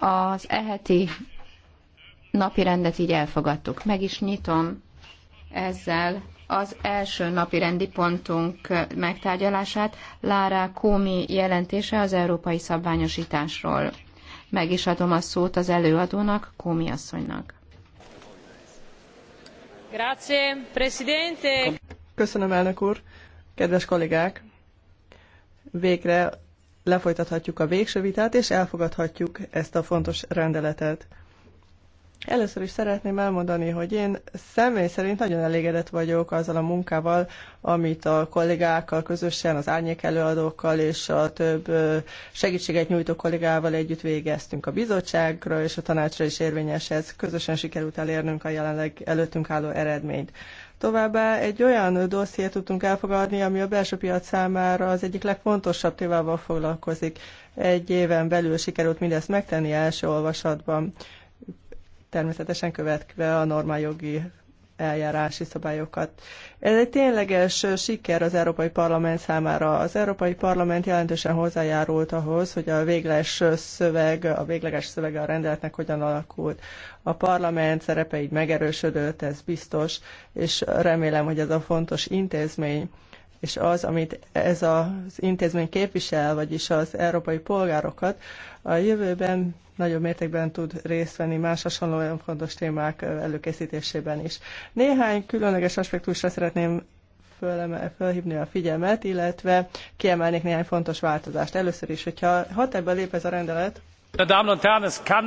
Az eheti napi rendet így elfogadtuk. Meg is nyitom ezzel az első napi rendi pontunk megtárgyalását, Lára Kómi jelentése az európai szabványosításról. Meg is adom a szót az előadónak, Kómi asszonynak. Grazie, Presidente. Köszönöm, elnök úr. Kedves kollégák! Végre lefolytathatjuk a végső vitát, és elfogadhatjuk ezt a fontos rendeletet. Először is szeretném elmondani, hogy én személy szerint nagyon elégedett vagyok azzal a munkával, amit a kollégákkal közösen, az árnyék előadókkal és a több segítséget nyújtó kollégával együtt végeztünk. A bizottságra és a tanácsra is érvényes ez. Közösen sikerült elérnünk a jelenleg előttünk álló eredményt. Továbbá egy olyan dossziét tudtunk elfogadni, ami a belső piac számára az egyik legfontosabb tévával foglalkozik. Egy éven belül sikerült mindezt megtenni első olvasatban, természetesen követve a normál jogi eljárási szabályokat. Ez egy tényleges siker az Európai Parlament számára. Az Európai Parlament jelentősen hozzájárult ahhoz, hogy a végleges szöveg, a végleges szöveg a rendeletnek hogyan alakult. A parlament szerepe így megerősödött, ez biztos, és remélem, hogy ez a fontos intézmény és az, amit ez az intézmény képvisel, vagyis az európai polgárokat, a jövőben nagyobb mértékben tud részt venni más hasonlóan fontos témák előkészítésében is. Néhány különleges aspektusra szeretném fölhívni a figyelmet, illetve kiemelnék néhány fontos változást. Először is, hogyha hatályba lép ez a rendelet,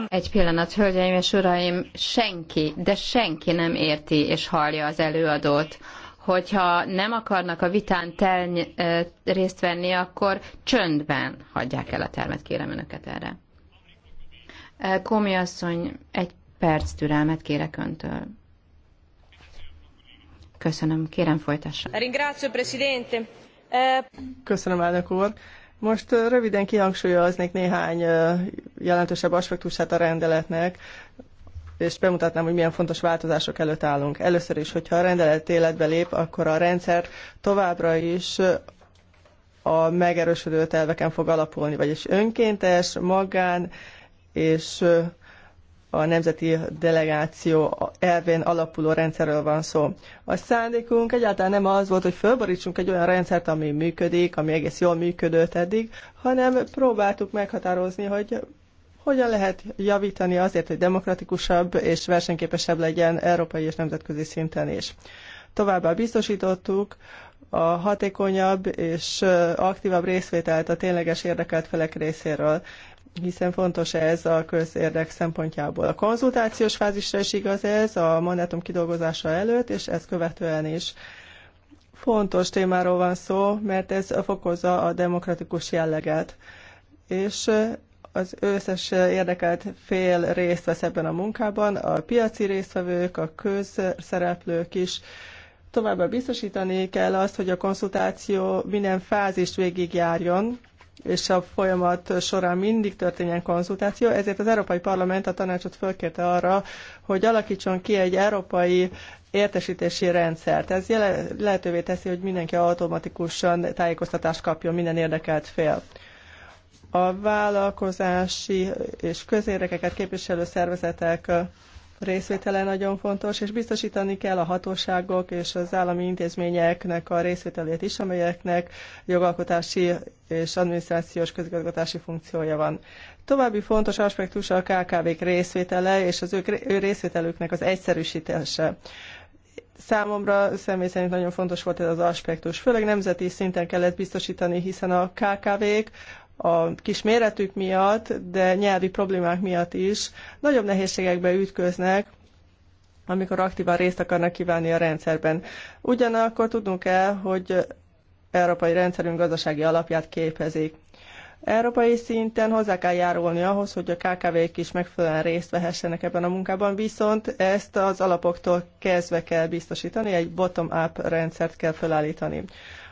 egy pillanat, hölgyeim és uraim, senki, de senki nem érti és hallja az előadót hogyha nem akarnak a vitán telny, részt venni, akkor csöndben hagyják el a termet, kérem önöket erre. Komi asszony, egy perc türelmet kérek öntől. Köszönöm, kérem folytassa. Ringrácio, presidente. Köszönöm, elnök úr. Most röviden kihangsúlyoznék néhány jelentősebb aspektusát a rendeletnek és bemutatnám, hogy milyen fontos változások előtt állunk. Először is, hogyha a rendelet életbe lép, akkor a rendszer továbbra is a megerősödő elveken fog alapulni, vagyis önkéntes, magán és a nemzeti delegáció elvén alapuló rendszerről van szó. A szándékunk egyáltalán nem az volt, hogy fölborítsunk egy olyan rendszert, ami működik, ami egész jól működött eddig, hanem próbáltuk meghatározni, hogy hogyan lehet javítani azért, hogy demokratikusabb és versenyképesebb legyen európai és nemzetközi szinten is. Továbbá biztosítottuk a hatékonyabb és aktívabb részvételt a tényleges érdekelt felek részéről, hiszen fontos ez a közérdek szempontjából. A konzultációs fázisra is igaz ez, a mandátum kidolgozása előtt, és ezt követően is. Fontos témáról van szó, mert ez fokozza a demokratikus jelleget. És az összes érdekelt fél részt vesz ebben a munkában, a piaci résztvevők, a közszereplők is. Továbbá biztosítani kell azt, hogy a konszultáció minden fázist végigjárjon, és a folyamat során mindig történjen konzultáció, ezért az Európai Parlament a tanácsot fölkérte arra, hogy alakítson ki egy európai értesítési rendszert. Ez lehetővé teszi, hogy mindenki automatikusan tájékoztatást kapjon, minden érdekelt fél a vállalkozási és közérdekeket képviselő szervezetek részvétele nagyon fontos, és biztosítani kell a hatóságok és az állami intézményeknek a részvételét is, amelyeknek jogalkotási és adminisztrációs közigazgatási funkciója van. További fontos aspektus a KKV-k részvétele és az ők, ő részvételüknek az egyszerűsítése. Számomra személy szerint nagyon fontos volt ez az aspektus. Főleg nemzeti szinten kellett biztosítani, hiszen a KKV-k a kis méretük miatt, de nyelvi problémák miatt is nagyobb nehézségekbe ütköznek, amikor aktívan részt akarnak kívánni a rendszerben. Ugyanakkor tudnunk kell, hogy európai rendszerünk gazdasági alapját képezik. Európai szinten hozzá kell járulni ahhoz, hogy a KKV-k is megfelelően részt vehessenek ebben a munkában, viszont ezt az alapoktól kezdve kell biztosítani, egy bottom-up rendszert kell felállítani.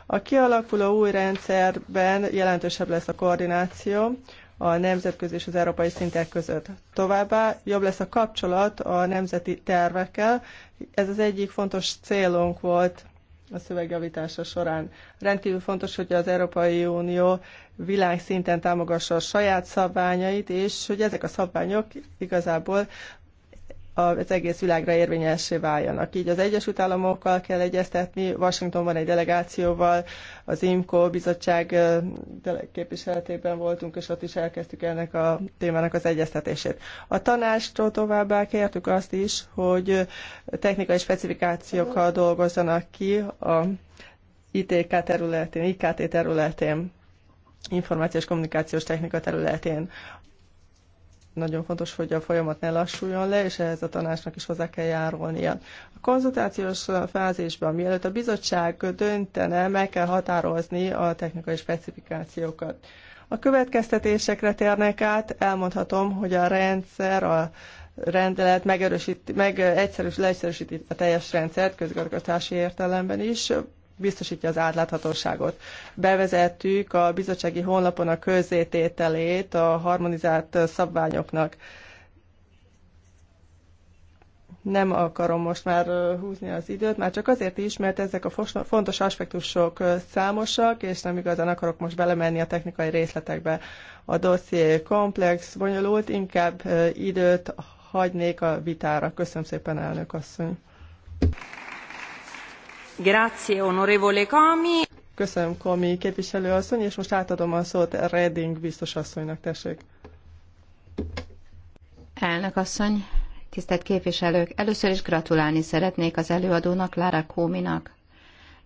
A kialakuló új rendszerben jelentősebb lesz a koordináció a nemzetközi és az európai szintek között. Továbbá jobb lesz a kapcsolat a nemzeti tervekkel. Ez az egyik fontos célunk volt a szövegjavítása során. Rendkívül fontos, hogy az Európai Unió világszinten támogassa a saját szabványait, és hogy ezek a szabványok igazából az egész világra érvényessé váljanak. Így az Egyesült Államokkal kell egyeztetni, Washingtonban egy delegációval, az IMCO bizottság képviseletében voltunk, és ott is elkezdtük ennek a témának az egyeztetését. A tanástól továbbá kértük azt is, hogy technikai specifikációkkal dolgozzanak ki a ITK területén, IKT területén, információs kommunikációs technika területén nagyon fontos, hogy a folyamat ne lassuljon le, és ehhez a tanácsnak is hozzá kell járulnia. A konzultációs fázisban, mielőtt a bizottság döntene, meg kell határozni a technikai specifikációkat. A következtetésekre térnek át, elmondhatom, hogy a rendszer, a rendelet megerősíti meg egyszerűs, leegyszerűsíti a teljes rendszert közgazgatási értelemben is, biztosítja az átláthatóságot. Bevezettük a bizottsági honlapon a közzétételét a harmonizált szabványoknak. Nem akarom most már húzni az időt, már csak azért is, mert ezek a fontos aspektusok számosak, és nem igazán akarok most belemenni a technikai részletekbe. A dosszié komplex, bonyolult, inkább időt hagynék a vitára. Köszönöm szépen, elnök asszony! Köszönöm, Komi képviselő asszony, és most átadom a szót Reding biztos asszonynak, tessék. Elnök asszony, tisztelt képviselők, először is gratulálni szeretnék az előadónak, Lara Kóminak,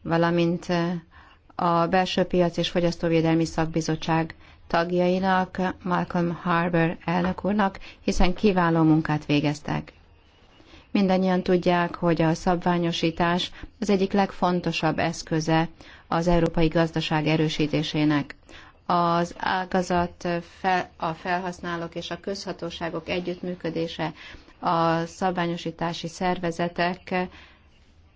valamint eh, a Belső Piac és Fogyasztóvédelmi Szakbizottság tagjainak, Malcolm Harbour elnök úrnak, hiszen kiváló munkát végeztek. Mindannyian tudják, hogy a szabványosítás az egyik legfontosabb eszköze az európai gazdaság erősítésének. Az ágazat, fel, a felhasználók és a közhatóságok együttműködése, a szabványosítási szervezetek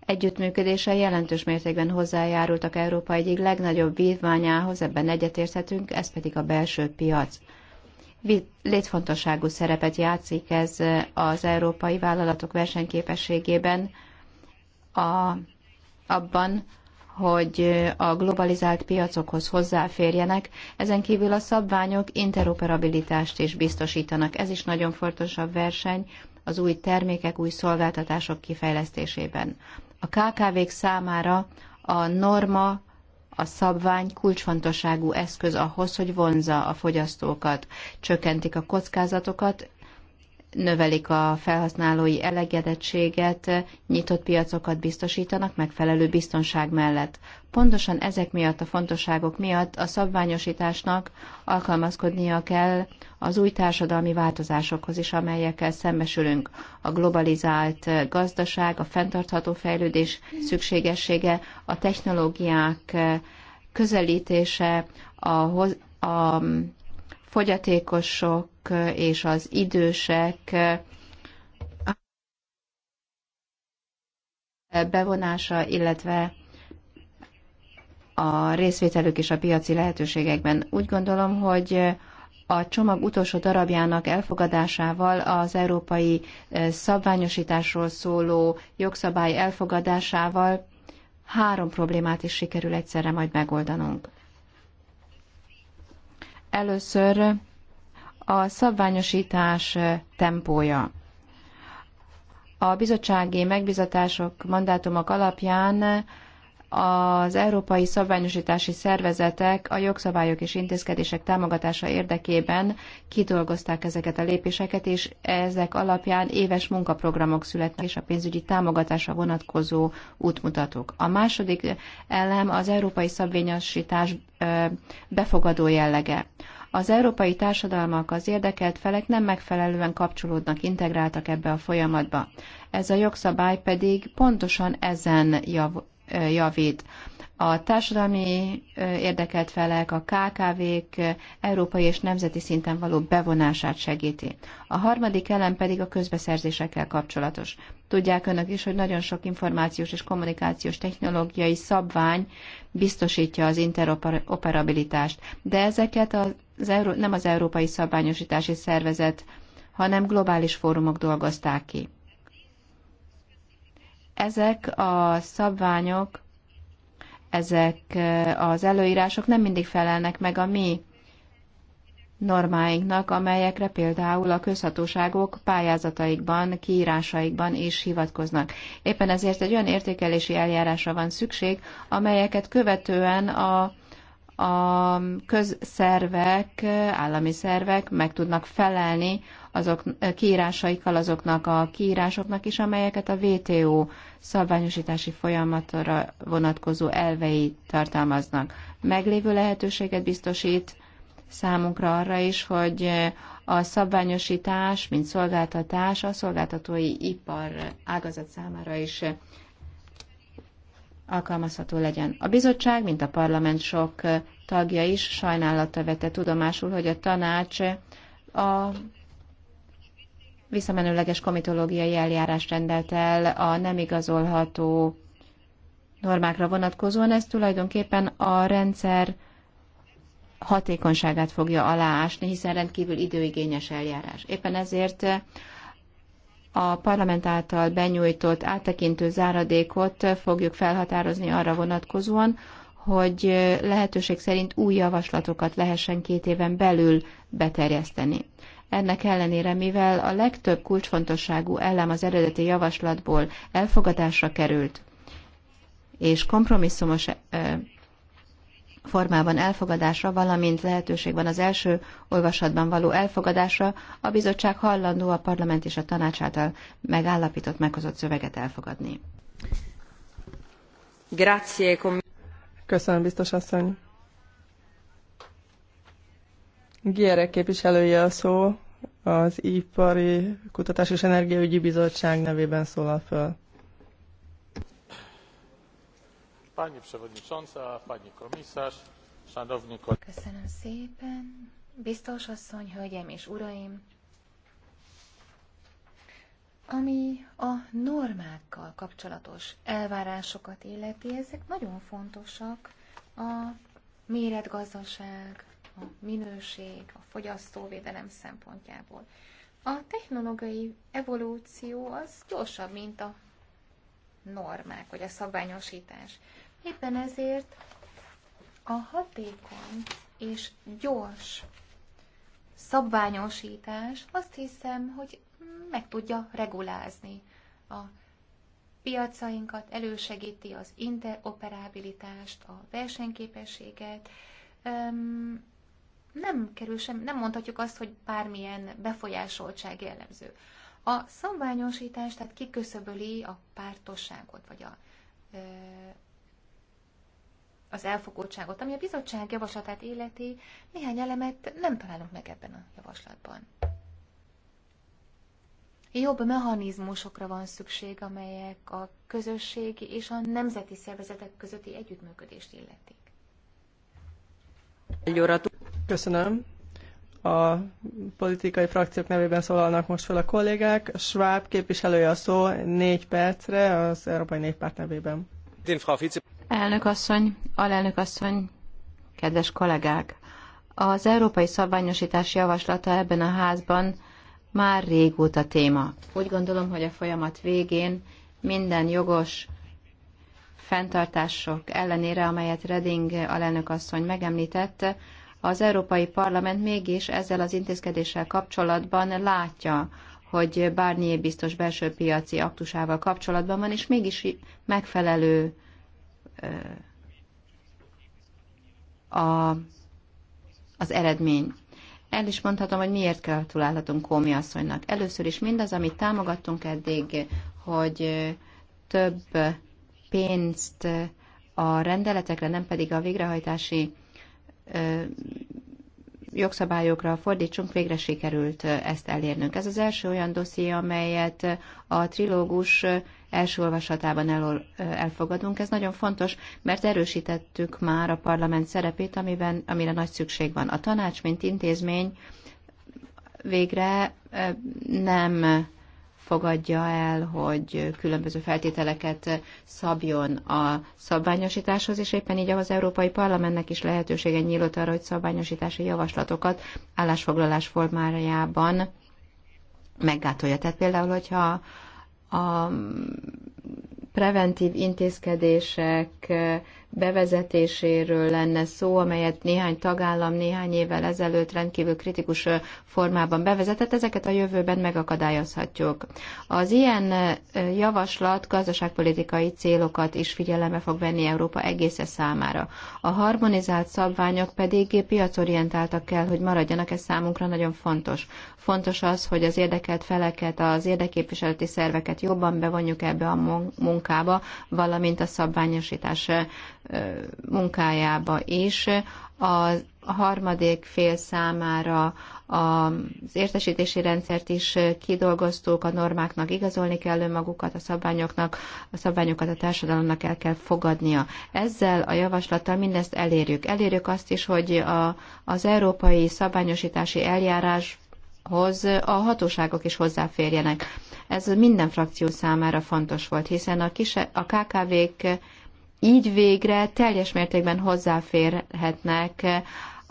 együttműködése jelentős mértékben hozzájárultak Európa egyik legnagyobb vívmányához, ebben egyetérthetünk, ez pedig a belső piac létfontosságú szerepet játszik ez az európai vállalatok versenyképességében, a, abban, hogy a globalizált piacokhoz hozzáférjenek, ezen kívül a szabványok interoperabilitást is biztosítanak. Ez is nagyon fontos a verseny az új termékek, új szolgáltatások kifejlesztésében. A KKV-k számára a norma a szabvány kulcsfontosságú eszköz ahhoz, hogy vonza a fogyasztókat, csökkentik a kockázatokat, növelik a felhasználói elegedettséget, nyitott piacokat biztosítanak megfelelő biztonság mellett. Pontosan ezek miatt a fontosságok miatt a szabványosításnak alkalmazkodnia kell az új társadalmi változásokhoz is, amelyekkel szembesülünk. A globalizált gazdaság, a fenntartható fejlődés szükségessége, a technológiák közelítése, a, a fogyatékosok és az idősek bevonása, illetve a részvételük és a piaci lehetőségekben. Úgy gondolom, hogy a csomag utolsó darabjának elfogadásával az európai szabványosításról szóló jogszabály elfogadásával három problémát is sikerül egyszerre majd megoldanunk. Először a szabványosítás tempója. A bizottsági megbizatások, mandátumok alapján az európai szabványosítási szervezetek a jogszabályok és intézkedések támogatása érdekében kidolgozták ezeket a lépéseket, és ezek alapján éves munkaprogramok születnek, és a pénzügyi támogatásra vonatkozó útmutatók. A második elem az európai szabványosítás befogadó jellege. Az európai társadalmak, az érdekelt felek nem megfelelően kapcsolódnak, integráltak ebbe a folyamatba. Ez a jogszabály pedig pontosan ezen jav, javít a társadalmi érdekelt felek, a KKV-k európai és nemzeti szinten való bevonását segíti. A harmadik elem pedig a közbeszerzésekkel kapcsolatos. Tudják önök is, hogy nagyon sok információs és kommunikációs technológiai szabvány biztosítja az interoperabilitást, de ezeket az Euró- nem az Európai Szabványosítási Szervezet, hanem globális fórumok dolgozták ki. Ezek a szabványok ezek az előírások nem mindig felelnek meg a mi normáinknak, amelyekre például a közhatóságok pályázataikban, kiírásaikban is hivatkoznak. Éppen ezért egy olyan értékelési eljárásra van szükség, amelyeket követően a, a közszervek, állami szervek meg tudnak felelni azok eh, kiírásaikkal azoknak a kiírásoknak is, amelyeket a WTO szabványosítási folyamatra vonatkozó elvei tartalmaznak. Meglévő lehetőséget biztosít számunkra arra is, hogy eh, a szabványosítás, mint szolgáltatás a szolgáltatói ipar ágazat számára is eh, alkalmazható legyen. A bizottság, mint a parlament sok tagja is sajnálata vette tudomásul, hogy a tanács a visszamenőleges komitológiai eljárás rendelt el a nem igazolható normákra vonatkozóan. Ez tulajdonképpen a rendszer hatékonyságát fogja aláásni, hiszen rendkívül időigényes eljárás. Éppen ezért a parlament által benyújtott áttekintő záradékot fogjuk felhatározni arra vonatkozóan, hogy lehetőség szerint új javaslatokat lehessen két éven belül beterjeszteni. Ennek ellenére, mivel a legtöbb kulcsfontosságú elem az eredeti javaslatból elfogadásra került, és kompromisszumos formában elfogadásra, valamint lehetőség van az első olvasatban való elfogadásra, a bizottság hallandó a parlament és a tanács által megállapított meghozott szöveget elfogadni. Grazie. Köszönöm, biztos asszony. Gierek képviselője a szó, az Ipari Kutatás és Energiaügyi Bizottság nevében szólal föl. Pani Pani Köszönöm szépen. Biztos asszony, hölgyem és uraim, ami a normákkal kapcsolatos elvárásokat illeti, ezek nagyon fontosak. A méretgazdaság, a minőség, a fogyasztóvédelem szempontjából. A technológiai evolúció az gyorsabb, mint a normák, vagy a szabványosítás. Éppen ezért a hatékony és gyors szabványosítás azt hiszem, hogy meg tudja regulázni a piacainkat, elősegíti az interoperabilitást, a versenyképességet, nem kerül sem, nem mondhatjuk azt, hogy bármilyen befolyásoltság jellemző. A szabványosítás, tehát kiköszöböli a pártosságot, vagy a, az elfogultságot, ami a bizottság javaslatát életi, néhány elemet nem találunk meg ebben a javaslatban. Jobb mechanizmusokra van szükség, amelyek a közösségi és a nemzeti szervezetek közötti együttműködést illetik. Köszönöm. A politikai frakciók nevében szólalnak most fel a kollégák. Schwab képviselője a szó négy percre az Európai Néppárt nevében. Elnök asszony, alelnök asszony, kedves kollégák! Az európai szabványosítás javaslata ebben a házban már régóta téma. Úgy gondolom, hogy a folyamat végén minden jogos fenntartások ellenére, amelyet Reding alelnök asszony megemlítette, az Európai Parlament mégis ezzel az intézkedéssel kapcsolatban látja, hogy Barnier biztos belső piaci aktusával kapcsolatban van, és mégis megfelelő a, az eredmény. El is mondhatom, hogy miért gratulálhatunk Kómi asszonynak. Először is mindaz, amit támogattunk eddig, hogy több pénzt a rendeletekre, nem pedig a végrehajtási jogszabályokra fordítsunk, végre sikerült ezt elérnünk. Ez az első olyan dosszié, amelyet a trilógus első olvasatában el, elfogadunk. Ez nagyon fontos, mert erősítettük már a parlament szerepét, amiben, amire nagy szükség van. A tanács, mint intézmény végre nem fogadja el, hogy különböző feltételeket szabjon a szabványosításhoz, és éppen így az Európai Parlamentnek is lehetősége nyílt arra, hogy szabványosítási javaslatokat állásfoglalás formájában meggátolja. Tehát például, hogyha a preventív intézkedések bevezetéséről lenne szó, amelyet néhány tagállam néhány évvel ezelőtt rendkívül kritikus formában bevezetett, ezeket a jövőben megakadályozhatjuk. Az ilyen javaslat gazdaságpolitikai célokat is figyelembe fog venni Európa egésze számára. A harmonizált szabványok pedig piacorientáltak kell, hogy maradjanak, ez számunkra nagyon fontos. Fontos az, hogy az érdekelt feleket, az érdeképviseleti szerveket jobban bevonjuk ebbe a munkába, valamint a szabványosítás munkájába is. A harmadik fél számára az értesítési rendszert is kidolgoztuk, a normáknak igazolni kell önmagukat, a szabványoknak, a szabványokat a társadalomnak el kell fogadnia. Ezzel a javaslattal mindezt elérjük. Elérjük azt is, hogy a, az európai szabványosítási eljárás hoz a hatóságok is hozzáférjenek. Ez minden frakció számára fontos volt, hiszen a, kise, a KKV-k így végre teljes mértékben hozzáférhetnek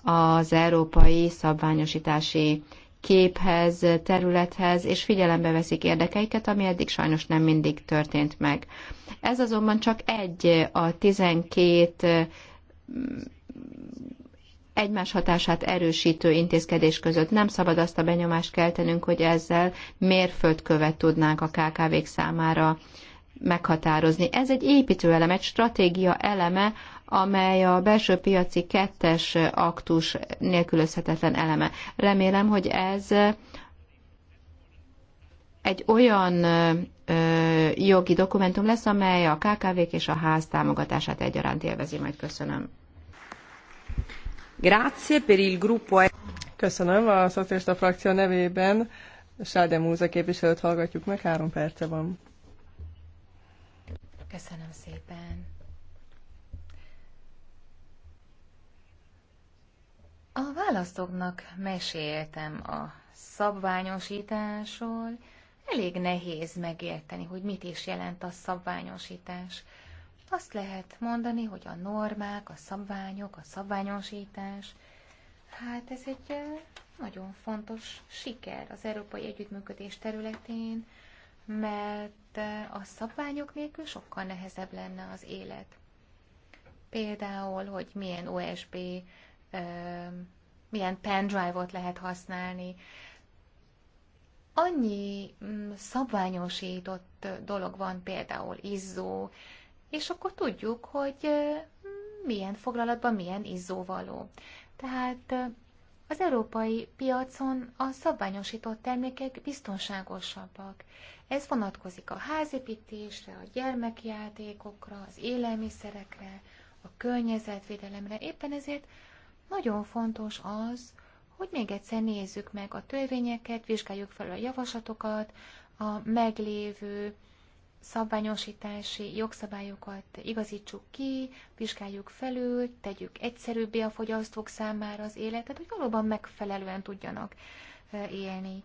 az európai szabványosítási képhez, területhez, és figyelembe veszik érdekeiket, ami eddig sajnos nem mindig történt meg. Ez azonban csak egy a 12 mm, egymás hatását erősítő intézkedés között. Nem szabad azt a benyomást keltenünk, hogy ezzel mérföldkövet tudnánk a KKV-k számára meghatározni. Ez egy építőelem, egy stratégia eleme, amely a belső piaci kettes aktus nélkülözhetetlen eleme. Remélem, hogy ez egy olyan ö, jogi dokumentum lesz, amely a KKV-k és a ház támogatását egyaránt élvezi. Majd köszönöm. Grazie per il gruppo. E. Köszönöm a szocialista frakció nevében. Sáde Múze képviselőt hallgatjuk meg, három perce van. Köszönöm szépen. A választóknak meséltem a szabványosításról. Elég nehéz megérteni, hogy mit is jelent a szabványosítás. Azt lehet mondani, hogy a normák, a szabványok, a szabványosítás, hát ez egy nagyon fontos siker az európai együttműködés területén, mert a szabványok nélkül sokkal nehezebb lenne az élet. Például, hogy milyen USB, milyen pendrive-ot lehet használni. Annyi mm, szabványosított dolog van, például izzó, és akkor tudjuk, hogy milyen foglalatban milyen izzó való. Tehát az európai piacon a szabványosított termékek biztonságosabbak. Ez vonatkozik a házépítésre, a gyermekjátékokra, az élelmiszerekre, a környezetvédelemre. Éppen ezért nagyon fontos az, hogy még egyszer nézzük meg a törvényeket, vizsgáljuk fel a javaslatokat, a meglévő szabványosítási jogszabályokat igazítsuk ki, vizsgáljuk felül, tegyük egyszerűbbé a fogyasztók számára az életet, hogy valóban megfelelően tudjanak élni.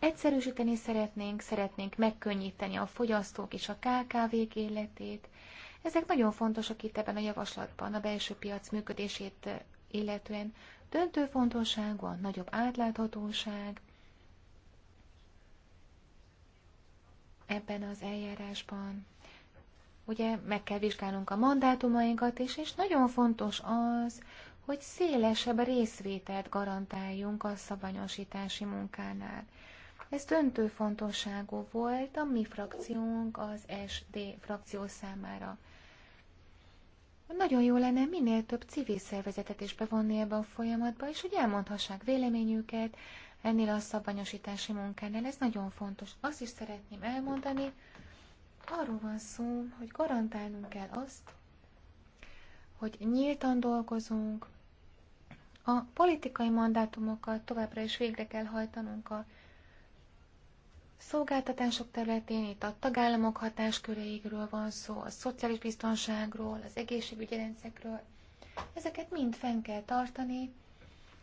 Egyszerűsíteni szeretnénk, szeretnénk megkönnyíteni a fogyasztók és a KKV-k életét. Ezek nagyon fontosak itt ebben a javaslatban, a belső piac működését illetően. Döntő fontosságú a nagyobb átláthatóság, ebben az eljárásban. Ugye meg kell vizsgálnunk a mandátumainkat is, és nagyon fontos az, hogy szélesebb részvételt garantáljunk a szabanyosítási munkánál. Ez döntő fontosságú volt a mi frakciónk az SD frakció számára. Nagyon jó lenne minél több civil szervezetet is bevonni ebbe a folyamatba, és hogy elmondhassák véleményüket, ennél a szabványosítási munkánál. Ez nagyon fontos. Azt is szeretném elmondani, arról van szó, hogy garantálnunk kell azt, hogy nyíltan dolgozunk, a politikai mandátumokat továbbra is végre kell hajtanunk a szolgáltatások területén, itt a tagállamok hatásköreigről van szó, a szociális biztonságról, az egészségügyi rendszerről. Ezeket mind fenn kell tartani,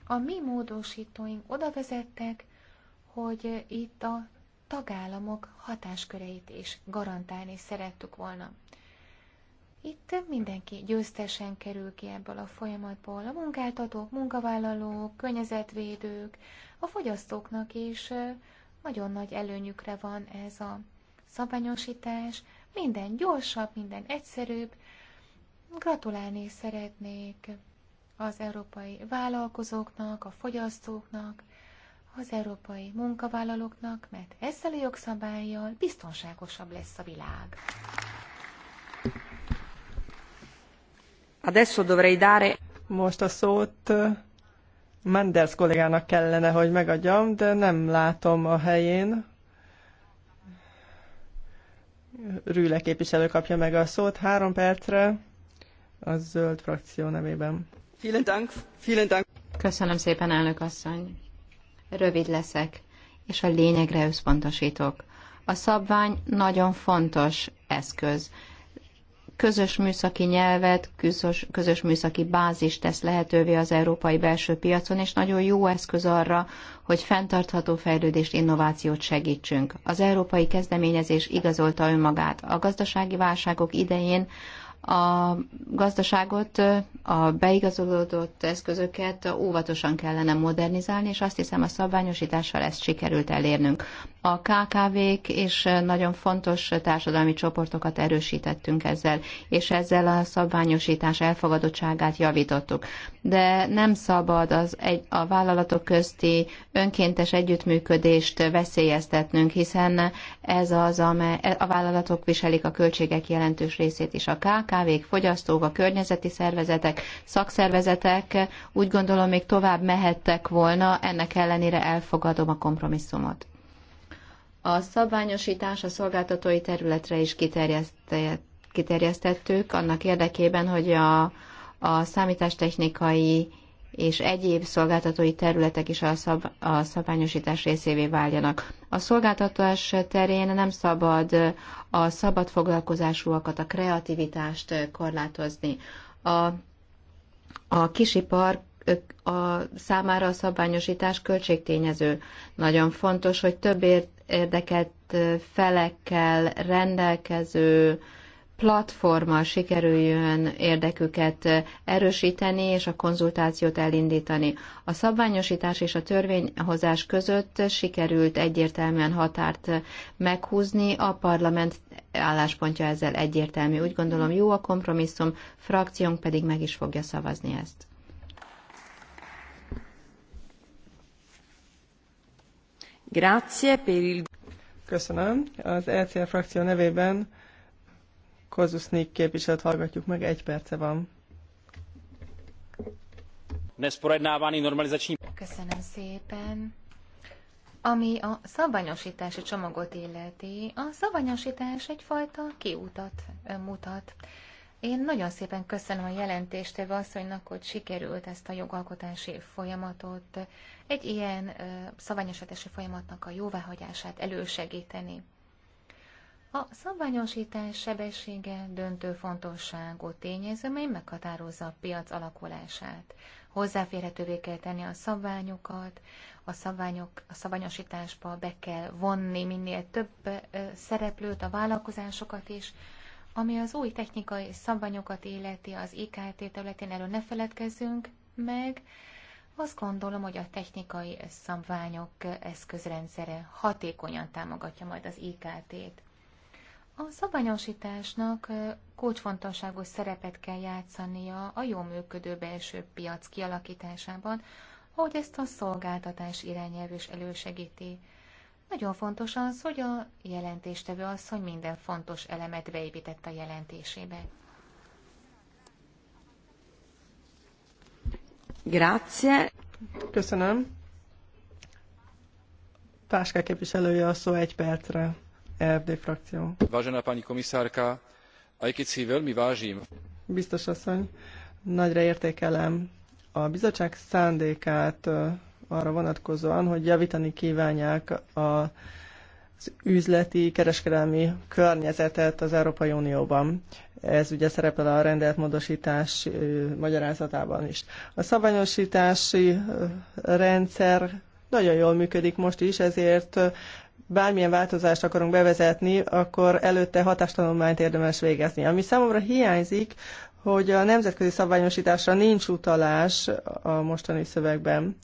a mi módosítóink oda vezettek, hogy itt a tagállamok hatásköreit is garantálni szerettük volna. Itt mindenki győztesen kerül ki ebből a folyamatból. A munkáltatók, munkavállalók, környezetvédők, a fogyasztóknak is nagyon nagy előnyükre van ez a szabványosítás. Minden gyorsabb, minden egyszerűbb. Gratulálni szeretnék az európai vállalkozóknak, a fogyasztóknak, az európai munkavállalóknak, mert ezzel a jogszabályjal biztonságosabb lesz a világ. Adesso dovrei dare... Most a szót uh, Menders kollégának kellene, hogy megadjam, de nem látom a helyén. Rüle képviselő kapja meg a szót három percre a zöld frakció nevében. Köszönöm szépen, elnök asszony. Rövid leszek, és a lényegre összpontosítok. A szabvány nagyon fontos eszköz. Közös műszaki nyelvet, közös, közös műszaki bázist tesz lehetővé az európai belső piacon, és nagyon jó eszköz arra, hogy fenntartható fejlődést, innovációt segítsünk. Az európai kezdeményezés igazolta önmagát. A gazdasági válságok idején a gazdaságot, a beigazolódott eszközöket óvatosan kellene modernizálni, és azt hiszem a szabványosítással ezt sikerült elérnünk. A KKV-k és nagyon fontos társadalmi csoportokat erősítettünk ezzel, és ezzel a szabványosítás elfogadottságát javítottuk. De nem szabad az egy, a vállalatok közti önkéntes együttműködést veszélyeztetnünk, hiszen ez az, amely a vállalatok viselik a költségek jelentős részét is. A KKV KKV-k, fogyasztók, a környezeti szervezetek, szakszervezetek úgy gondolom még tovább mehettek volna, ennek ellenére elfogadom a kompromisszumot. A szabványosítás a szolgáltatói területre is kiterjesztettük annak érdekében, hogy a, a számítástechnikai és egyéb szolgáltatói területek is a, szab, a szabványosítás részévé váljanak. A szolgáltatás terén nem szabad a szabad foglalkozásúakat, a kreativitást korlátozni. A, a kisipar a számára a szabványosítás költségtényező. Nagyon fontos, hogy több érdekelt felekkel rendelkező platforma sikerüljön érdeküket erősíteni és a konzultációt elindítani. A szabványosítás és a törvényhozás között sikerült egyértelműen határt meghúzni, a parlament álláspontja ezzel egyértelmű. Úgy gondolom jó a kompromisszum, frakciónk pedig meg is fogja szavazni ezt. Grazie per il... Köszönöm. Az ECR frakció nevében Nick képviselőt hallgatjuk meg, egy perce van. Köszönöm szépen. Ami a szabványosítási csomagot illeti, a szabványosítás egyfajta kiutat mutat. Én nagyon szépen köszönöm a jelentést, jelentéstevő asszonynak, hogy sikerült ezt a jogalkotási folyamatot, egy ilyen szabványosítási folyamatnak a jóváhagyását elősegíteni. A szabványosítás sebessége döntő fontosságú tényező, mely meghatározza a piac alakulását. Hozzáférhetővé kell tenni a szabványokat, a, szabványok, a szabványosításba be kell vonni minél több szereplőt, a vállalkozásokat is, ami az új technikai szabványokat illeti az IKT területén, erről ne feledkezzünk meg. Azt gondolom, hogy a technikai szabványok eszközrendszere hatékonyan támogatja majd az IKT-t. A szabványosításnak kulcsfontosságú szerepet kell játszania a jó működő belső piac kialakításában, ahogy ezt a szolgáltatás irányelv is elősegíti. Nagyon fontos az, hogy a jelentéstevő az, hogy minden fontos elemet beépített a jelentésébe. Grazie. Köszönöm. Páska képviselője a szó egy percre. Vážená pani komisárka, aj keď si veľmi vážim. Biztos asszony, nagyra értékelem a bizottság szándékát arra vonatkozóan, hogy javítani kívánják a az üzleti, kereskedelmi környezetet az Európai Unióban. Ez ugye szerepel a rendelt magyarázatában is. A szabványosítási rendszer nagyon jól működik most is, ezért bármilyen változást akarunk bevezetni, akkor előtte hatástanulmányt érdemes végezni. Ami számomra hiányzik, hogy a nemzetközi szabványosításra nincs utalás a mostani szövegben,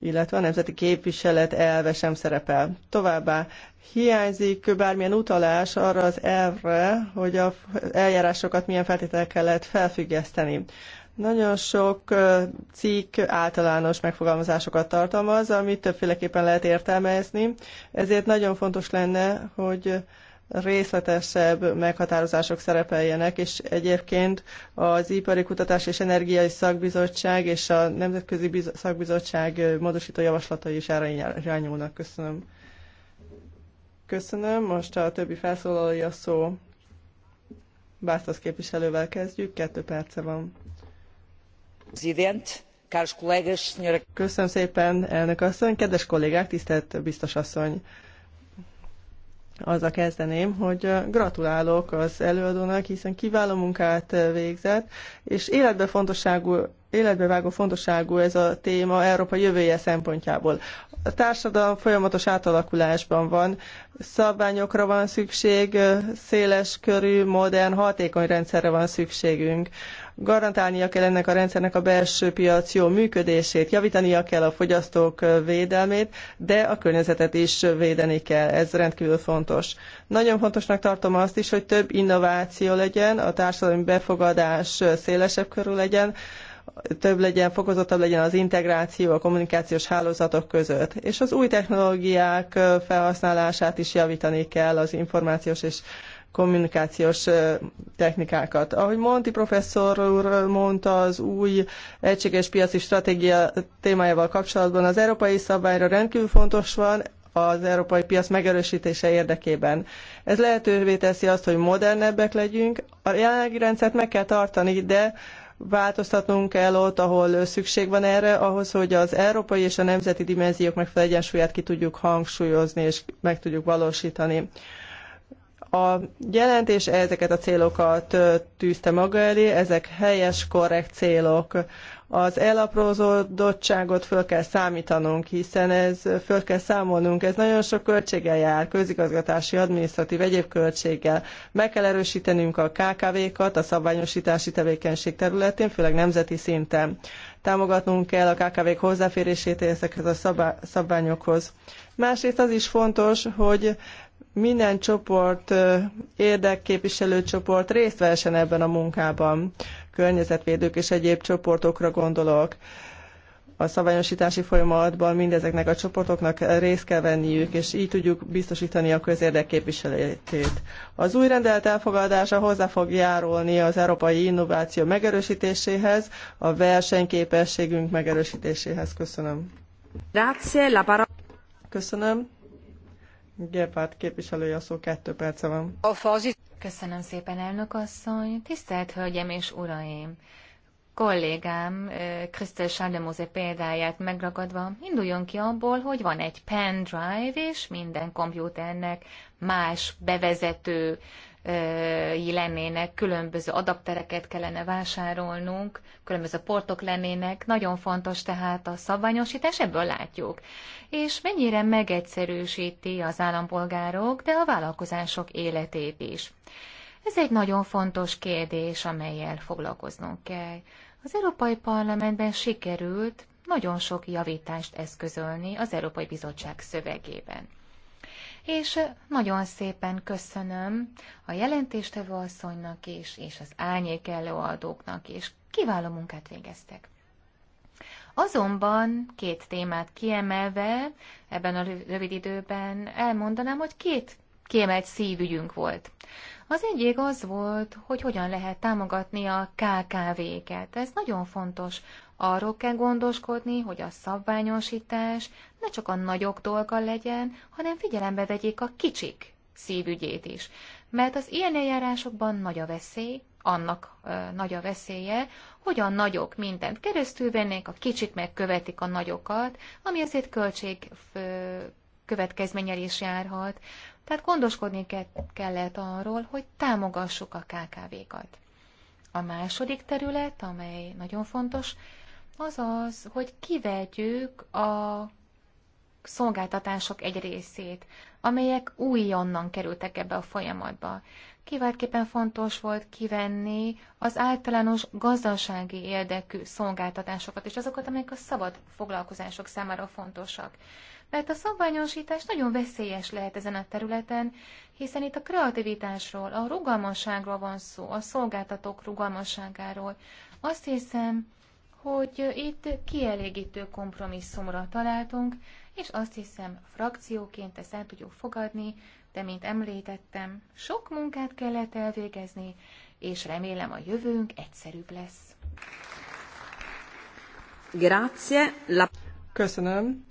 illetve a nemzeti képviselet elve sem szerepel. Továbbá hiányzik bármilyen utalás arra az elvre, hogy a eljárásokat milyen feltételekkel lehet felfüggeszteni. Nagyon sok cikk általános megfogalmazásokat tartalmaz, amit többféleképpen lehet értelmezni, ezért nagyon fontos lenne, hogy részletesebb meghatározások szerepeljenek, és egyébként az Ipari Kutatás és Energiai Szakbizottság és a Nemzetközi Biz- Szakbizottság módosító javaslatai is erre irányulnak. Köszönöm. Köszönöm. Most a többi felszólalója szó. Básztasz képviselővel kezdjük, kettő perce van. Köszönöm szépen, elnök asszony, kedves kollégák, tisztelt biztos asszony! Azzal kezdeném, hogy gratulálok az előadónak, hiszen kiváló munkát végzett, és életbe fontosságú életbe vágó fontosságú ez a téma Európa jövője szempontjából. A társadalom folyamatos átalakulásban van, szabványokra van szükség, széles körű, modern, hatékony rendszerre van szükségünk. Garantálnia kell ennek a rendszernek a belső piac jó működését, javítania kell a fogyasztók védelmét, de a környezetet is védeni kell. Ez rendkívül fontos. Nagyon fontosnak tartom azt is, hogy több innováció legyen, a társadalmi befogadás szélesebb körül legyen, több legyen, fokozottabb legyen az integráció a kommunikációs hálózatok között. És az új technológiák felhasználását is javítani kell az információs és kommunikációs technikákat. Ahogy Monti professzor úr mondta, az új egységes piaci stratégia témájával kapcsolatban az európai szabályra rendkívül fontos van, az európai piac megerősítése érdekében. Ez lehetővé teszi azt, hogy modernebbek legyünk. A jelenlegi rendszert meg kell tartani, de változtatnunk kell ott, ahol szükség van erre, ahhoz, hogy az európai és a nemzeti dimenziók megfelelő egyensúlyát ki tudjuk hangsúlyozni és meg tudjuk valósítani. A jelentés ezeket a célokat tűzte maga elé, ezek helyes, korrekt célok. Az elaprózódottságot föl kell számítanunk, hiszen ez föl kell számolnunk, ez nagyon sok költséggel jár, közigazgatási, adminisztratív, egyéb költséggel. Meg kell erősítenünk a KKV-kat a szabványosítási tevékenység területén, főleg nemzeti szinten támogatnunk kell a KKV-k hozzáférését ezekhez a szabályokhoz. Másrészt az is fontos, hogy minden csoport, érdekképviselő csoport részt vehessen ebben a munkában, környezetvédők és egyéb csoportokra gondolok. A szabályosítási folyamatban mindezeknek a csoportoknak részt kell venniük, és így tudjuk biztosítani a közérdek képviseletét. Az új rendelet elfogadása hozzá fog járulni az európai innováció megerősítéséhez, a versenyképességünk megerősítéséhez. Köszönöm. Köszönöm. Gephardt képviselője a szó, kettő perce van. Köszönöm szépen, elnök asszony. Tisztelt Hölgyem és Uraim! kollégám Krisztel eh, Sardemose példáját megragadva, induljon ki abból, hogy van egy pendrive, és minden kompjúternek más bevezető lennének, különböző adaptereket kellene vásárolnunk, különböző portok lennének, nagyon fontos tehát a szabványosítás, ebből látjuk. És mennyire megegyszerűsíti az állampolgárok, de a vállalkozások életét is. Ez egy nagyon fontos kérdés, amelyel foglalkoznunk kell. Az Európai Parlamentben sikerült nagyon sok javítást eszközölni az Európai Bizottság szövegében és nagyon szépen köszönöm a jelentéstevő asszonynak is, és az álnyék előadóknak is. Kiváló munkát végeztek. Azonban két témát kiemelve, ebben a rövid időben elmondanám, hogy két kiemelt szívügyünk volt. Az egyik az volt, hogy hogyan lehet támogatni a KKV-ket. Ez nagyon fontos. Arról kell gondoskodni, hogy a szabványosítás ne csak a nagyok dolga legyen, hanem figyelembe vegyék a kicsik szívügyét is. Mert az ilyen eljárásokban nagy a veszély, annak ö, nagy a veszélye, hogy a nagyok mindent keresztül vennék, a kicsik megkövetik a nagyokat, ami azért költség ö, következménnyel is járhat. Tehát gondoskodni kellett arról, hogy támogassuk a KKV-kat. A második terület, amely nagyon fontos, az az, hogy kivetjük a szolgáltatások egy részét, amelyek újonnan kerültek ebbe a folyamatba. Kiváltképpen fontos volt kivenni az általános gazdasági érdekű szolgáltatásokat, és azokat, amelyek a szabad foglalkozások számára fontosak mert a szabványosítás nagyon veszélyes lehet ezen a területen, hiszen itt a kreativitásról, a rugalmasságról van szó, a szolgáltatók rugalmasságáról. Azt hiszem, hogy itt kielégítő kompromisszumra találtunk, és azt hiszem frakcióként ezt el tudjuk fogadni, de mint említettem, sok munkát kellett elvégezni, és remélem a jövőnk egyszerűbb lesz. Grazie. La... Köszönöm.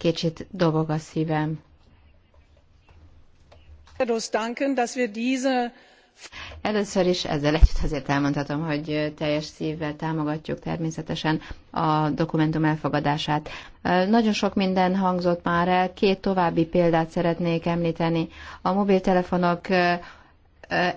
kicsit dobog a szívem. Először is ezzel együtt azért elmondhatom, hogy teljes szívvel támogatjuk természetesen a dokumentum elfogadását. Nagyon sok minden hangzott már el, két további példát szeretnék említeni. A mobiltelefonok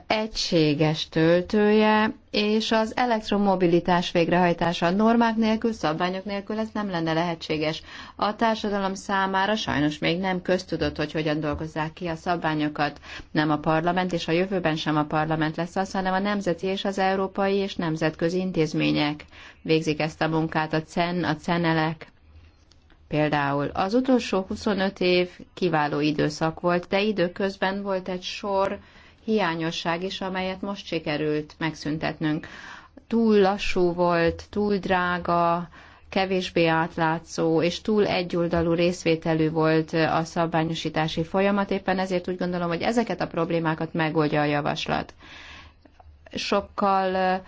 egységes töltője, és az elektromobilitás végrehajtása normák nélkül, szabványok nélkül ez nem lenne lehetséges. A társadalom számára sajnos még nem köztudott, hogy hogyan dolgozzák ki a szabványokat. Nem a parlament, és a jövőben sem a parlament lesz az, hanem a nemzeti és az európai és nemzetközi intézmények végzik ezt a munkát, a CEN, a CENELEK, például. Az utolsó 25 év kiváló időszak volt, de időközben volt egy sor hiányosság is, amelyet most sikerült megszüntetnünk. Túl lassú volt, túl drága, kevésbé átlátszó és túl egyoldalú részvételű volt a szabványosítási folyamat, éppen ezért úgy gondolom, hogy ezeket a problémákat megoldja a javaslat. Sokkal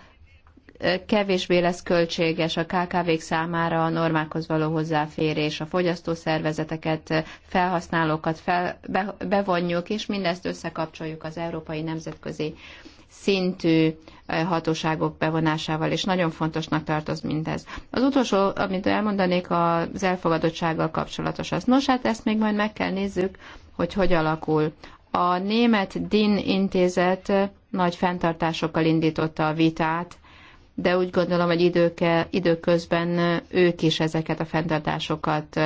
kevésbé lesz költséges a KKV-k számára a normákhoz való hozzáférés, a fogyasztószervezeteket, felhasználókat fel, be, bevonjuk, és mindezt összekapcsoljuk az európai nemzetközi szintű hatóságok bevonásával, és nagyon fontosnak tartoz mindez. Az utolsó, amit elmondanék, az elfogadottsággal kapcsolatos az. Nos, hát ezt még majd meg kell nézzük, hogy hogy alakul. A német DIN intézet nagy fenntartásokkal indította a vitát de úgy gondolom, hogy időke, időközben ők is ezeket a fenntartásokat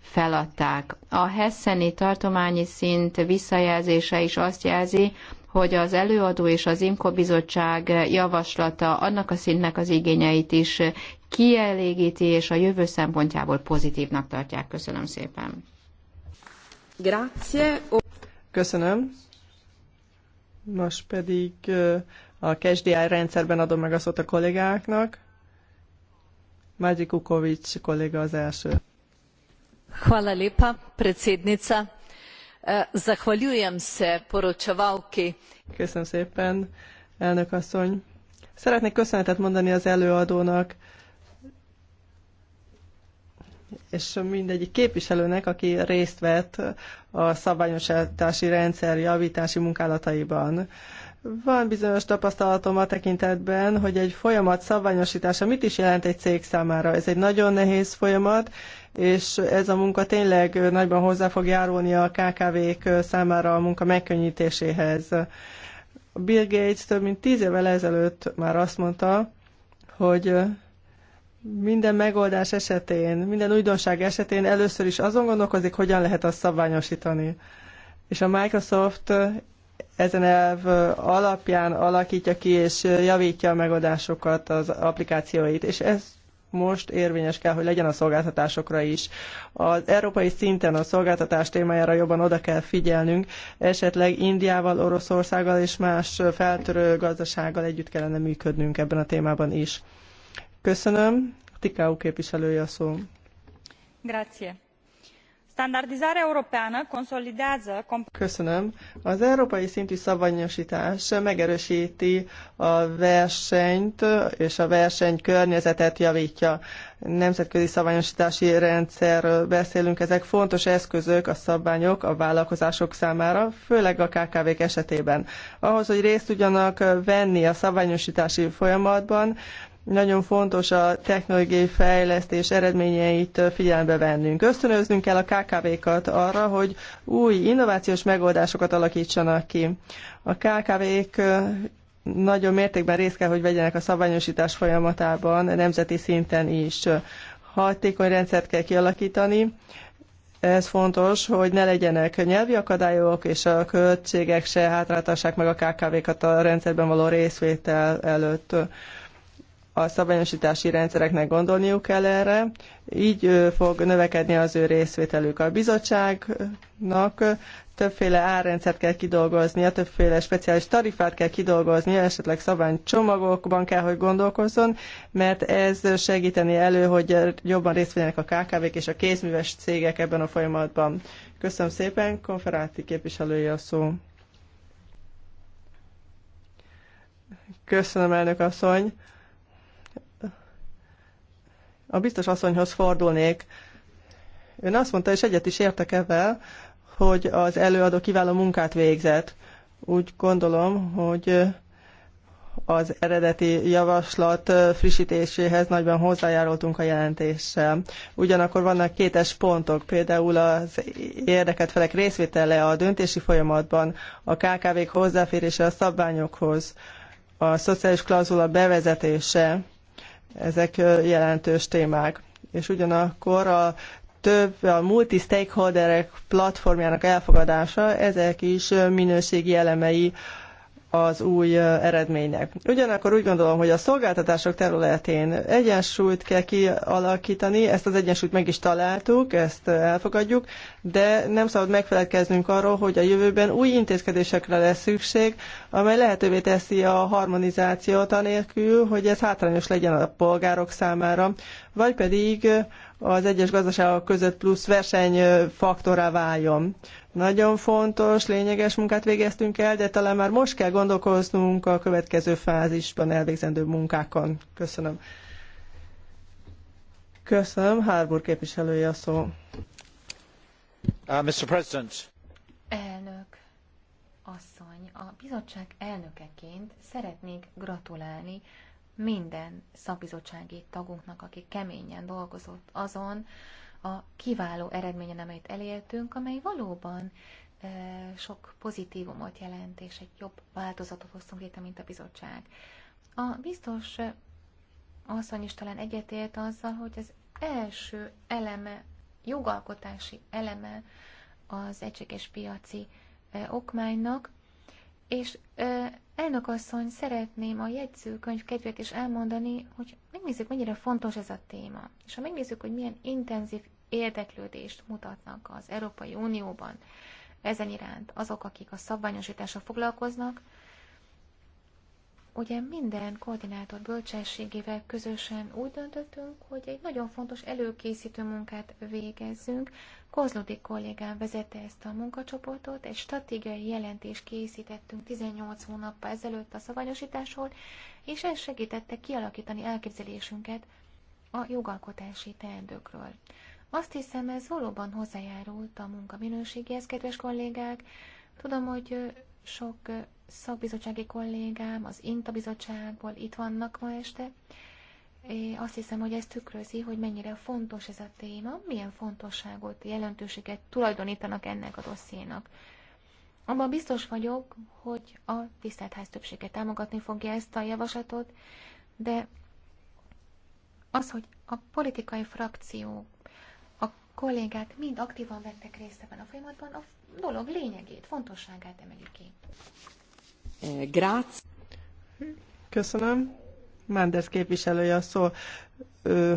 feladták. A hesseni tartományi szint visszajelzése is azt jelzi, hogy az előadó és az IMKO bizottság javaslata annak a szintnek az igényeit is kielégíti, és a jövő szempontjából pozitívnak tartják. Köszönöm szépen. Grazie. Köszönöm. Most pedig a KSDI rendszerben adom meg a szót a kollégáknak. Magyi Kukovics kolléga az első. Hvala lepa, predsednica. E, zahvaljujem se poročevalki. Köszönöm szépen, elnök asszony. Szeretnék köszönetet mondani az előadónak, és mindegyik képviselőnek, aki részt vett a szabályosítási rendszer javítási munkálataiban. Van bizonyos tapasztalatom a tekintetben, hogy egy folyamat szabványosítása mit is jelent egy cég számára. Ez egy nagyon nehéz folyamat, és ez a munka tényleg nagyban hozzá fog járulni a KKV-k számára a munka megkönnyítéséhez. Bill Gates több mint tíz évvel ezelőtt már azt mondta, hogy minden megoldás esetén, minden újdonság esetén először is azon gondolkozik, hogyan lehet azt szabványosítani. És a Microsoft ezen elv alapján alakítja ki és javítja a megoldásokat, az applikációit, és ez most érvényes kell, hogy legyen a szolgáltatásokra is. Az európai szinten a szolgáltatás témájára jobban oda kell figyelnünk, esetleg Indiával, Oroszországgal és más feltörő gazdasággal együtt kellene működnünk ebben a témában is. Köszönöm. Tikáú képviselője a szó. Grazie. Standardizarea europeană consolidează... Köszönöm. Az európai szintű szabványosítás megerősíti a versenyt, és a versenykörnyezetet javítja. Nemzetközi szabványosítási rendszerről beszélünk. Ezek fontos eszközök, a szabványok a vállalkozások számára, főleg a KKV-k esetében. Ahhoz, hogy részt tudjanak venni a szabványosítási folyamatban, nagyon fontos a technológiai fejlesztés eredményeit figyelembe vennünk. Ösztönöznünk kell a KKV-kat arra, hogy új innovációs megoldásokat alakítsanak ki. A KKV-k nagyon mértékben részt kell, hogy vegyenek a szabványosítás folyamatában, nemzeti szinten is. Hatékony rendszert kell kialakítani, ez fontos, hogy ne legyenek nyelvi akadályok, és a költségek se hátráltassák meg a KKV-kat a rendszerben való részvétel előtt a szabályosítási rendszereknek gondolniuk kell erre, így fog növekedni az ő részvételük. A bizottságnak többféle árrendszert kell a többféle speciális tarifát kell kidolgozni, esetleg szabványcsomagokban kell, hogy gondolkozzon, mert ez segíteni elő, hogy jobban részt vegyenek a KKV-k és a kézműves cégek ebben a folyamatban. Köszönöm szépen, konferáti képviselője a szó. Köszönöm, elnök asszony. A biztos asszonyhoz fordulnék. Ön azt mondta, és egyet is értek ebben, hogy az előadó kiváló munkát végzett. Úgy gondolom, hogy az eredeti javaslat frissítéséhez nagyban hozzájárultunk a jelentéssel. Ugyanakkor vannak kétes pontok, például az érdeket felek részvétele a döntési folyamatban, a KKV-k hozzáférése a szabványokhoz, a szociális klauzula bevezetése, ezek jelentős témák. És ugyanakkor a több a multi-stakeholderek platformjának elfogadása, ezek is minőségi elemei az új eredménynek. Ugyanakkor úgy gondolom, hogy a szolgáltatások területén egyensúlyt kell kialakítani, ezt az egyensúlyt meg is találtuk, ezt elfogadjuk, de nem szabad megfelelkeznünk arról, hogy a jövőben új intézkedésekre lesz szükség, amely lehetővé teszi a harmonizációt anélkül, hogy ez hátrányos legyen a polgárok számára, vagy pedig az egyes gazdaságok között plusz versenyfaktorá váljon. Nagyon fontos, lényeges munkát végeztünk el, de talán már most kell gondolkoznunk a következő fázisban elvégzendő munkákon. Köszönöm. Köszönöm. Harbour képviselője a szó. Uh, Mr. President. Elnök asszony, a bizottság elnökeként szeretnék gratulálni minden szakbizottsági tagunknak, aki keményen dolgozott azon a kiváló eredményen, amelyet elértünk, amely valóban e, sok pozitívumot jelent, és egy jobb változatot hoztunk létre, mint a bizottság. A biztos asszony is talán egyetért azzal, hogy az első eleme, jogalkotási eleme az egységes piaci e, okmánynak és elnök asszony, szeretném a jegyzőkönyv kedvéért is elmondani, hogy megnézzük, mennyire fontos ez a téma. És ha megnézzük, hogy milyen intenzív érdeklődést mutatnak az Európai Unióban ezen iránt azok, akik a szabványosítással foglalkoznak, ugye minden koordinátor bölcsességével közösen úgy döntöttünk, hogy egy nagyon fontos előkészítő munkát végezzünk. Kozlodi kollégám vezette ezt a munkacsoportot, egy stratégiai jelentést készítettünk 18 hónappal ezelőtt a szabályosításról, és ez segítette kialakítani elképzelésünket a jogalkotási teendőkről. Azt hiszem, ez valóban hozzájárult a munka minőségéhez, kedves kollégák. Tudom, hogy sok szakbizottsági kollégám, az INTA bizottságból itt vannak ma este. Én azt hiszem, hogy ez tükrözi, hogy mennyire fontos ez a téma, milyen fontosságot, jelentőséget tulajdonítanak ennek a dossziénak. Abban biztos vagyok, hogy a tisztelt ház többsége támogatni fogja ezt a javaslatot, de az, hogy a politikai frakció a kollégák mind aktívan vettek részt ebben a folyamatban, a dolog lényegét, fontosságát emeli ki. Grác. Köszönöm. Mendes képviselője a szó.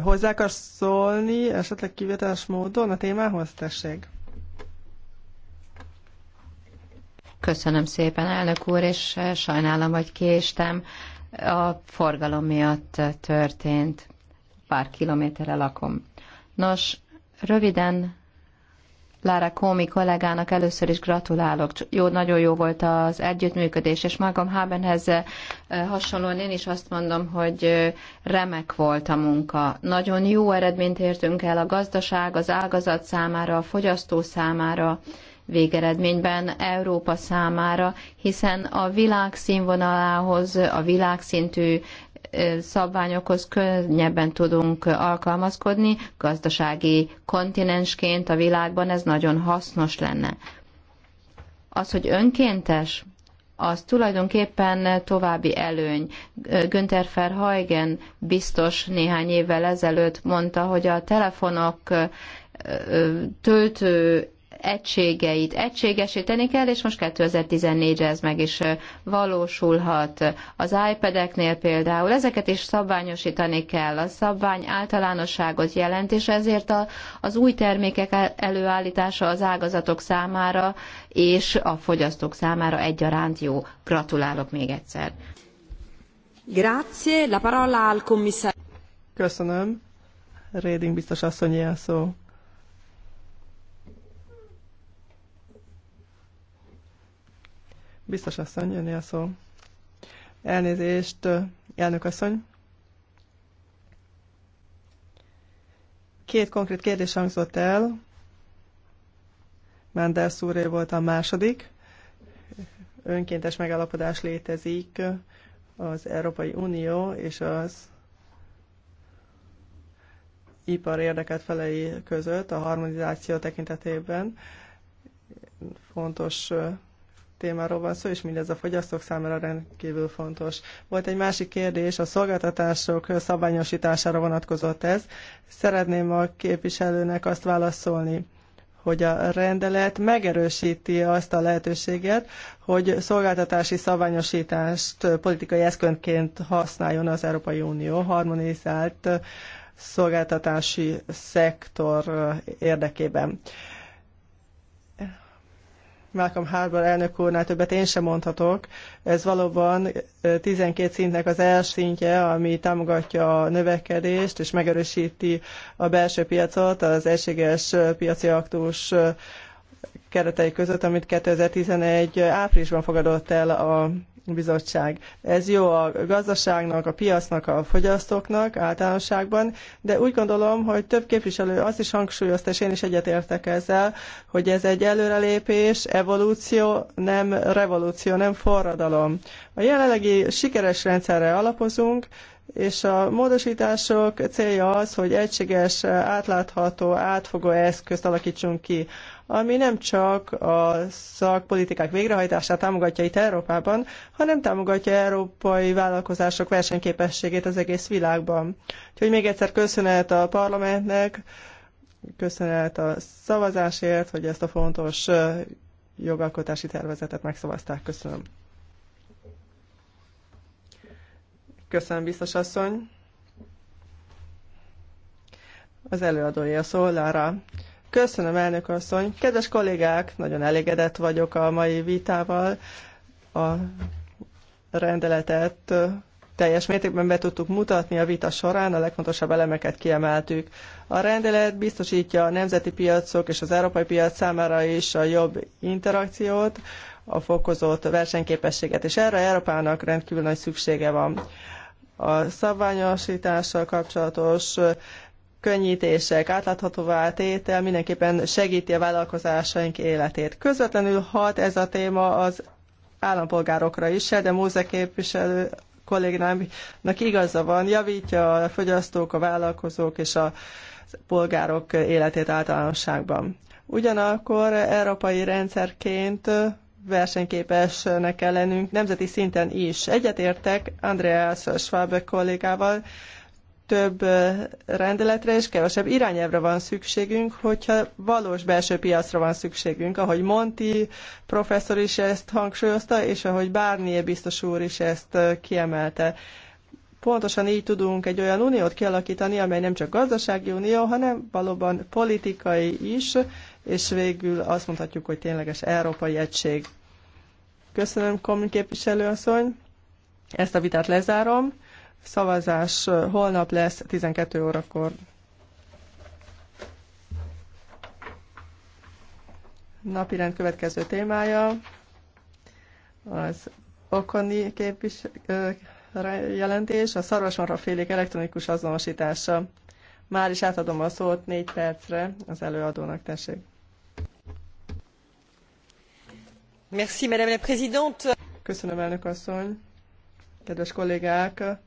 hozzá akarsz szólni esetleg kivételes módon a témához? Tessék. Köszönöm szépen, elnök úr, és eh, sajnálom, hogy késtem. A forgalom miatt eh, történt. Pár kilométerre lakom. Nos, röviden Lára Komi kollégának először is gratulálok. Jó, nagyon jó volt az együttműködés, és magam Hábenhez hasonlóan én is azt mondom, hogy remek volt a munka. Nagyon jó eredményt értünk el a gazdaság, az ágazat számára, a fogyasztó számára, végeredményben Európa számára, hiszen a világ színvonalához, a világszintű szabványokhoz könnyebben tudunk alkalmazkodni, gazdasági kontinensként a világban ez nagyon hasznos lenne. Az, hogy önkéntes, az tulajdonképpen további előny. Günther Verheugen biztos néhány évvel ezelőtt mondta, hogy a telefonok töltő egységeit egységesíteni kell, és most 2014-re ez meg is valósulhat. Az iPad-eknél például ezeket is szabványosítani kell. A szabvány általánosságot jelent, és ezért a, az új termékek előállítása az ágazatok számára és a fogyasztók számára egyaránt jó. Gratulálok még egyszer. Grazie, la parola al commissario. Köszönöm. Reding biztos asszony szó. Biztos asszony, jönni a szó. Elnézést, elnök asszony. Két konkrét kérdés hangzott el. Mendels úré volt a második. Önkéntes megállapodás létezik az Európai Unió és az ipar érdeket felei között a harmonizáció tekintetében. Fontos témáról van szó, és mindez a fogyasztók számára rendkívül fontos. Volt egy másik kérdés, a szolgáltatások szabványosítására vonatkozott ez. Szeretném a képviselőnek azt válaszolni, hogy a rendelet megerősíti azt a lehetőséget, hogy szolgáltatási szabványosítást politikai eszközként használjon az Európai Unió harmonizált szolgáltatási szektor érdekében. Malcolm Harbour elnök úrnál többet én sem mondhatok. Ez valóban 12 szintnek az első szintje, ami támogatja a növekedést és megerősíti a belső piacot, az egységes piaci aktus keretei között, amit 2011 áprilisban fogadott el a bizottság. Ez jó a gazdaságnak, a piacnak, a fogyasztóknak általánosságban, de úgy gondolom, hogy több képviselő azt is hangsúlyozta, és én is egyetértek ezzel, hogy ez egy előrelépés, evolúció, nem revolúció, nem forradalom. A jelenlegi sikeres rendszerre alapozunk, és a módosítások célja az, hogy egységes, átlátható, átfogó eszközt alakítsunk ki, ami nem csak a szakpolitikák végrehajtását támogatja itt Európában, hanem támogatja európai vállalkozások versenyképességét az egész világban. Úgyhogy még egyszer köszönet a parlamentnek, köszönet a szavazásért, hogy ezt a fontos jogalkotási tervezetet megszavazták. Köszönöm. Köszönöm, biztos asszony. Az előadója szól, Lára. Köszönöm, elnök asszony. Kedves kollégák, nagyon elégedett vagyok a mai vitával. A rendeletet teljes mértékben be tudtuk mutatni a vita során, a legfontosabb elemeket kiemeltük. A rendelet biztosítja a nemzeti piacok és az európai piac számára is a jobb interakciót, a fokozott versenyképességet, és erre Európának rendkívül nagy szüksége van a szabványosítással kapcsolatos könnyítések, átláthatóvá tétel mindenképpen segíti a vállalkozásaink életét. Közvetlenül hat ez a téma az állampolgárokra is, de Móze képviselő kollégámnak igaza van, javítja a fogyasztók, a vállalkozók és a polgárok életét általánosságban. Ugyanakkor európai rendszerként versenyképesnek kell lennünk nemzeti szinten is. Egyetértek Andreas Schwab kollégával, több rendeletre és kevesebb irányelvre van szükségünk, hogyha valós belső piacra van szükségünk, ahogy Monti professzor is ezt hangsúlyozta, és ahogy Barnier biztos úr is ezt kiemelte. Pontosan így tudunk egy olyan uniót kialakítani, amely nem csak gazdasági unió, hanem valóban politikai is, és végül azt mondhatjuk, hogy tényleges európai egység. Köszönöm, Komi asszony. Ezt a vitát lezárom. Szavazás holnap lesz 12 órakor. Napirend következő témája az Okoni képvis- jelentés, a szarvasmarha félék elektronikus azonosítása. Már is átadom a szót négy percre az előadónak, tessék. Madame la Présidente. Köszönöm, elnök asszony. Kedves kollégák,